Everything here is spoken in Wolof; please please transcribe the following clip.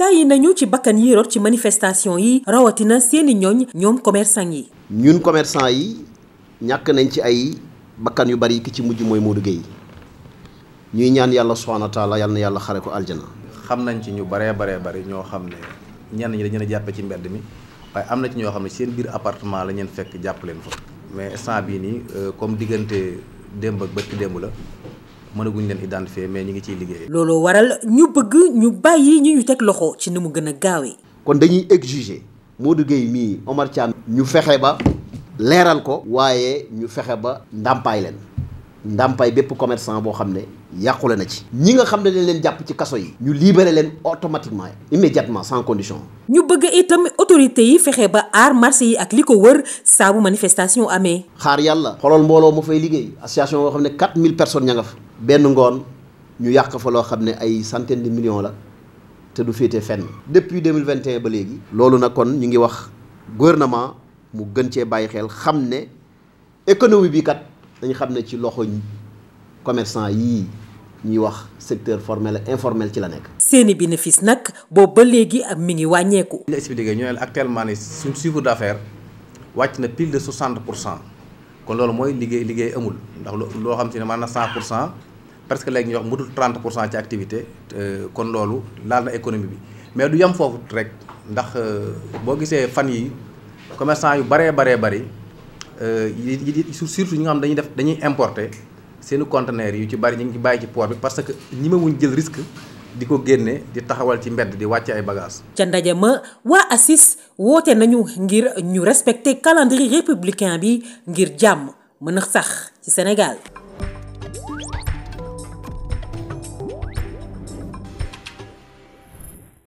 tàyyi nañu ci bakkan yi rot ci manifestation yi rawatina seeni ñooñ ñoom commerçant yi ñun commerçant yi ñàkk nañ ci ay bakkan yu bari ki ci mujj mooy Modou Gueye ñuy ñaan yàlla subhaanahu wa yàlla yàlla xare ko aljana xam nañ ci ñu baree baree bari ñoo xam ne ñenn ñi dañu leen jàppe ci mbedd mi waaye am na ci ñoo xam ne seen biir apartement la ñeen fekk jàpp leen fa mais instant bii nii euh, comme diggante démb ak bët ki démb la mënaguñ leen identifier mais ñu ngi ciy liggéey. looloo waral ñu bëgg ñu bàyyi ñu ñu teg loxo ci ni mu gën a gaawee. kon dañuy exiger moo Gueye mii Omar Thiam. ñu fexe ba leeral ko. waaye ñu fexe ba ndàmpaay leen. ndàmpaay bépp commerçant boo xam ne yàqule na ci ñi nga xam ne dañ leen jàpp ci kaso yi ñu libéré leen automatiquement immédiatement sans condition ñu bëgg itam autorité yi fexe ba aar marché yi ak li ko wër saabu manifestation amee xaar yàlla xolool mbooloo mu fay liggéey association boo xam ne 4000 personnes ña nga fa benn ngoon ñu yàq fa loo xam ne ay centaine de millions la te du féete fenn depuis 2021 ba léegi loolu nag kon ñu ngi wax gouvernement mu gën cee bàyyi xel xam ne économie bi dañu xam ne ci loxo commerçant yii ñuy wax secteur formel informel ci la nekk. seeni bénéfice nag boobu ba léegi ak mi ngi wàññeeku. li ñu expliqué ne actuellement ni suñ chiffre d'affaires wàcc na pile de 60 pour cent kon loolu mooy liggéey liggéey amul ndax loo xam si ne maanaam 100 pour cent presque léegi ñu wax mu dul 30 pour cent ci activité kon loolu laal na économie bi mais du yem foofu rek ndax euh, boo gisee fan yi commerçant yu baree baree bari. Euh, yi surtout ñi nga xam dañuy def dañuy importe seeni conteneurs yu ci bari ñu ngi ci bàyyi ci port bi parce que ñi ma wuñ jël risque di ko génne di taxawal ci mbedd di wàcce ay bagages. ca ndaje ma waa assis woote nañu ngir ñu respecter calendrier républicain bi ngir jàmm mën a sax ci Sénégal.